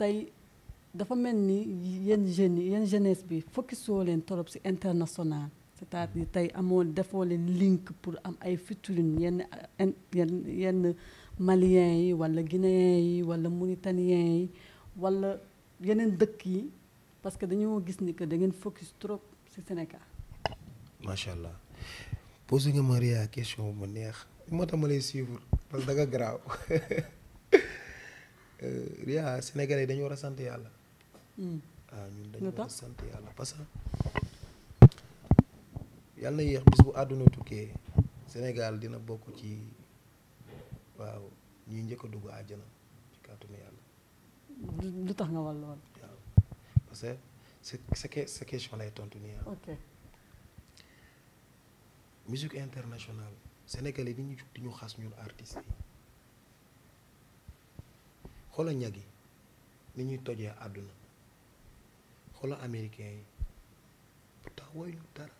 tey dafa mel ni yenn jeunes yenn jeunesse bi focus leen trop ci international c'est-à-dire tey amoo defoo leen link pour am ay featuring yenn yenn yenn maliens yi wala guinéen yi wala mauritaniens yi wala yeneen dëkk yi parce que dañoo gis ni que da ngeen focus trop ci Sénégal. macha allah posé nga Maria question bu neex moo tax ma lay suivre parce que da nga garaaw Euh, Ria Sénégalais dañu war a sant yàlla. Hmm. ah dañu war a sant yàlla parce que yàlla na yéex bis bu àdduna tukkee Sénégal dina bokk ci waaw ñuy njëkk a dugg àjjana ci kàttanu yàlla. lu tax nga wal lool. waaw parce que sa question lay tontu nii ah. ok. musique internationale Sénégalais dañuy jug di ñu xas ñun artistes xoola ñagi ni ñuy tojee àdduna xoola américain yi pourtant ñu dara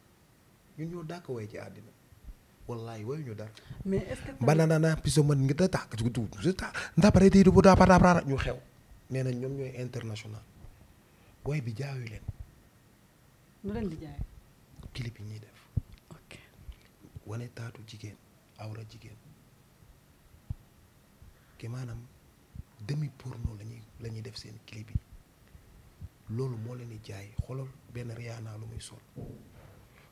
ñun ñoo dàkk way ci àddina wallahi ñu dara mais est ce que banana piso man nga ta ku ta nda pare te du bu da pa da ñu xew neena ñom ñoy international way bi jaayu len lu len di jaay clip yi ñi def ok wane taatu jigen awra jigen ke manam demi porno la ñuy la def seen clip bi loolu moo leen di jaay xolo benn Rihanna lu muy sol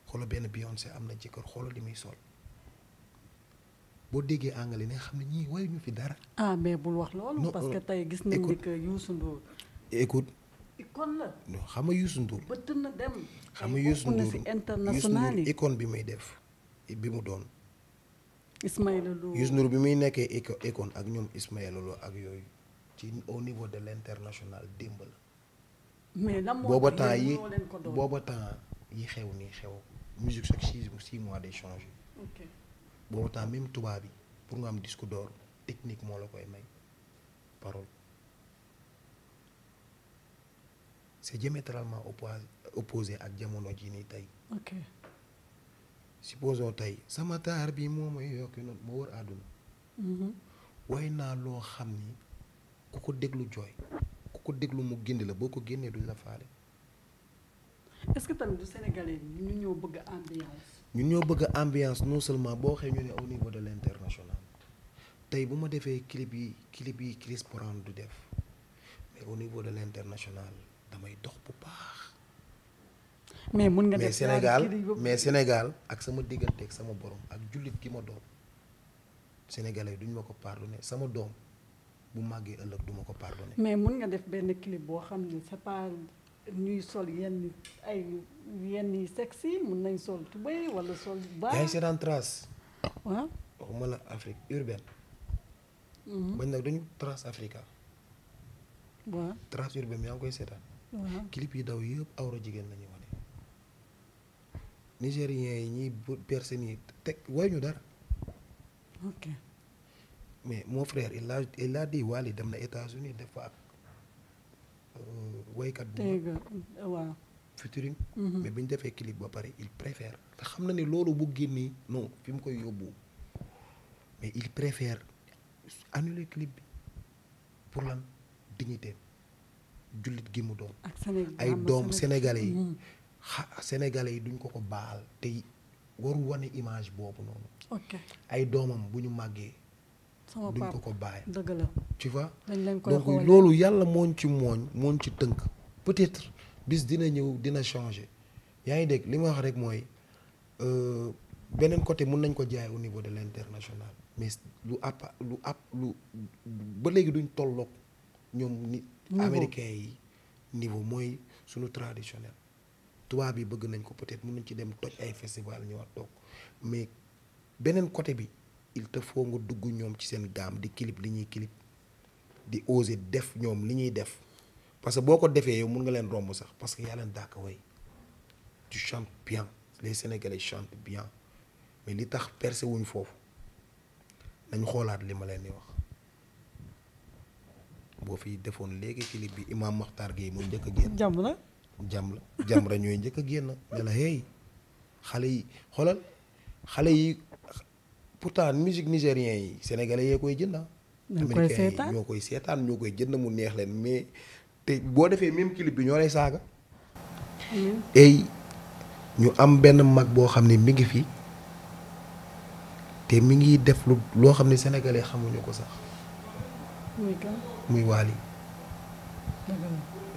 xoolal benn Beyoncé am na jëkkër xoolal li muy sol boo déggee anglais ne xam ne ñii wayuñu fi dara. ah mais bul wax loolu. parce que euh, gis nañ ni que Youssou Ndour. écoute. icône la. non xam nga Youssou Ndour. bëtt na dem. bi muy def bi mu doon. Ismaël Lo Youssou Ndour bi muy nekkee icône ak ñoom Ismaël Lo ak yooyu. ci au niveau de l'international démb la. mais lan moo booba temps yi bobo temps yi xew ni xew musique chaque 6 mois day changé. ok booba temps même touba bi pour nga am disque d'or technique mo la koy may parole. c'est diamétralement opposé opposé ak jamono ji ni tay ok supposons tay sama tar bi moo may no mo ma aduna hmm way naa loo xam ku ko déglu jooy ku ko déglu mu gindi la boo ko génnee duñ la faale. est-ce que tamit du Sénégalais ñu ñoo bëgg ambiance. ñun ñoo bëgg ambiance non seulement boo xee ñu ne au niveau de l'international tey bu ma defee clip yi clip yi Chris Brown du def mais au niveau de l'international damay dox bu baax. mais mun nga Sénégal mais Sénégal ak sama diggante ak sama borom ak jullit gi ma doom sénégalais duñ ma ko pardonner sama doom. bu màggee ëllëg duma ko pardonné. mais mun nga def benn clip boo xam ne c'est pas ñuy sol yenn ay yenn yi sexy mun nañ sol tubéy wala sol. baax yaa ngi seetaan trace. waaw waxuma la Afrique urbaine. Mhm. bañ nag dañu trace Africa. waaw trace urbaine yaa ngi koy seetaan. waaw yi daw yëpp awra jigéen la ñuy wane. yi ñiy perse teg way dara. mais mon frère il a il a dit Wally dem na États-Unis def fa ak woykat bu waaw featuring mhm. mais bi défé clip ba pare il préfère te xam na ne loolu bu génnee non fi koy yobbu mais il préfère annuler clip bi pour lan dignité jullit gi mu doon ay doom sénégalais yi xa mhm. sénégalais yi duñ ko ko baal té waru wane image bobu non ok ay domam buñu ñu duñ ko ko bàyyi dëgg la tu vois donc loolu yàlla mooñ ci mooñ mooñ ci tënk peut-être bis dina ñëw dina changer yaa ngi dégg li ma wax rek moy euh benen côté mun nañ ko jaay au niveau de l'international mais lu app lu app lu ba légui duñ tolloog ñom nit américains yi niveau moy suñu traditionnel toba bi bëgg nañ ko peut-être mun nañ ci dem toj ay festival ñu wax tok mais benen côté bi il te faut nga dugg ñom ci sen gam di clip li clip di oser def ñom li def parce que boko de yow parce que ya len dak way tu chantes bien les sénégalais chantent bien mais li tax percé wuñ fofu nañ li ma len ni wax bo fi clip bi Imam Makhtar mo jamm la jamm la jamm ra ñoy la hey xalé yi pourtant musique nigérien yi sénégalais yee koy jënd ah. koy seetaan ñoo koy jënd mu neex leen mais te boo defee même clip bi ñoo lay saaga mm-hmm. tey ñu am benn mag boo xam ne mi ngi fi te mi ngi def loo xam ne sénégalais xamuñu ko sax muy waali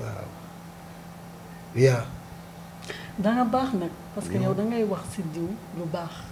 waaw yaa danga baax nag parce que dangay wax si diw lu baax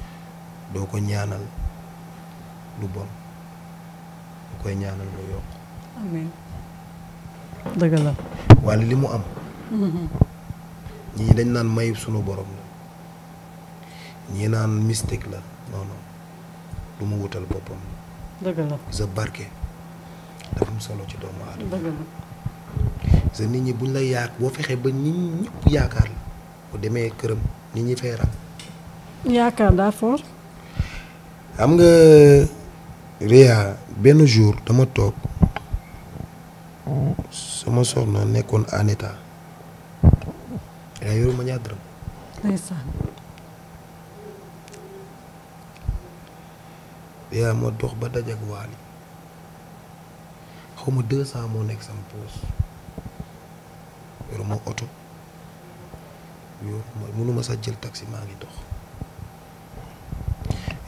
doo ko ñaanal lu bon lu koy ñaanal lu yokk walla li mu am mm-hmm. ñii dañ naan mayib sunu boroom la ñii naan mystique la non lu mu wutal boppam dëgg la sa barke dafa solo ci doomu aadama sa nit ñi buñ la yaak boo fexee ba nit ñëpp yaakaar la këram nit ñi fay yaakaar daa fort xam nga Réa benn jour dama toog sama soxna nekkoon en état Réa yoru ma ñaar dërëm. Réa ma dox ba dajak waali xaw ma deux cent moo nekk sama poos yoru ma oto yoru ma mënuma sax jël taxi maa ngi dox.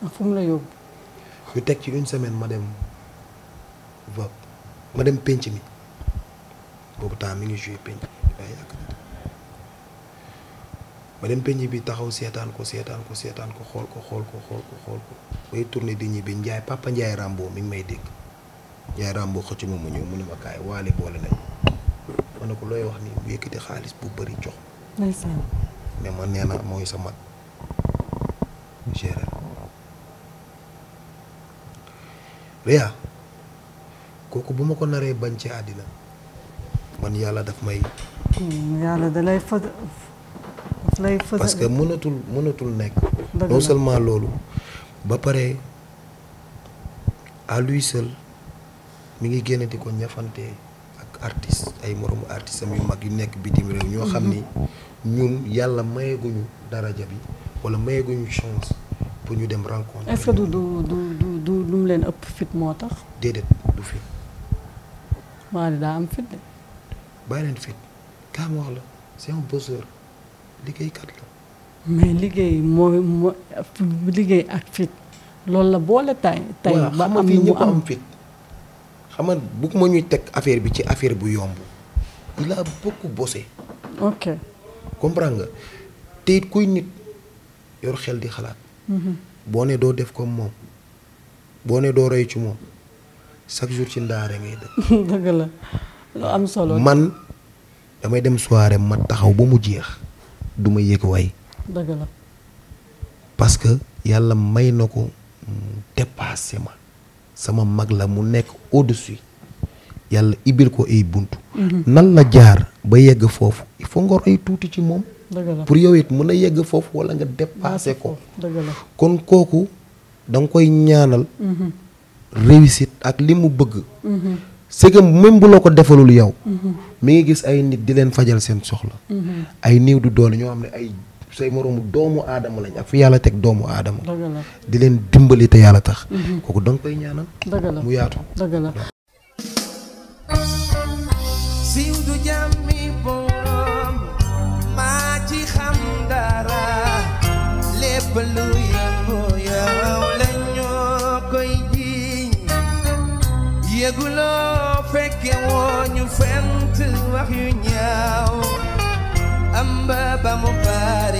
Ah, fu mu la yóbbu. ñu teg ci une semaine ma dem va penc mi boobu temps mi ngi joué penc waaye ma dem penc bi taxaw seetaan ko seetaan ko seetaan ko xool ko xool ko xool ko xool ko bay tourné di ñibbi njaay papa Ndiaye Rambo mi ngi may dégg Ndiaye Rambo xëcc ma mu ñëw mu ne ma kaay waale boole nañ ma ne ko looy wax ni mu yëkkati xaalis bu bari jox. mais ma nee mooy sa mag réa kooku bu ma ko naree bañ ci àddina man yàlla daf may. Hmm, yàlla da lay que mënatul mënatul nekk. non seulement loolu ba pare à lui seul mi ngi génne di ko ñafante ak artiste ay moroomu artistes yu mag yu nekk bitim réew ñoo xam hmm. ni ñun yàlla mayeguñu daraja bi wala mayeguñu chance pour ñu dem rencontre. est du du. lu mu leen ëpp fit moo tax. déedéet du fit. maa daa am fit de. bàyyi leen fit kaa wax la c'est un liggéeykat la. mais liggéey mooy moo liggéey ak fit loolu la boole tay tay ba am lu mu am fit xam nga ma ñuy teg affaire bi ci affaire bu yomb il a beaucoup bossé. ok comprends nga te kuy nit yor xel di xalaat. Mhm. boo ne doo def comme moom. boo ne doo roy ci moom chaque jour ci ndaare solo. man damay dem soirée ma taxaw ba mu jeex du ma yëg way. dëgg que yàlla may na ko dépassé ma sama mag la mu nekk au-dessus yàlla ibil ko ay buntu. Mhm. nan la jaar ba yegg foofu il faut nga roy tuuti ci moom. pour yow it mën a yegg foofu wala nga dépassé ko. kon kooku da nga koy ñaanal. Mhm. réussite ak li mu bëgg. Mhm. c'est que même ko defalul yow. mu mhm. ngi gis ay nit di leen fajal seen soxla. ay néew du doole ñoo xam ne ay say moroomu doomu aadama lañ ak fi yàlla teg doomu aadama. di leen dimbali te yàlla tax. kooku da koy ñaanal. yaatu yëguloo fekke woo ñu fent wax yu ñaaw am ba mu bari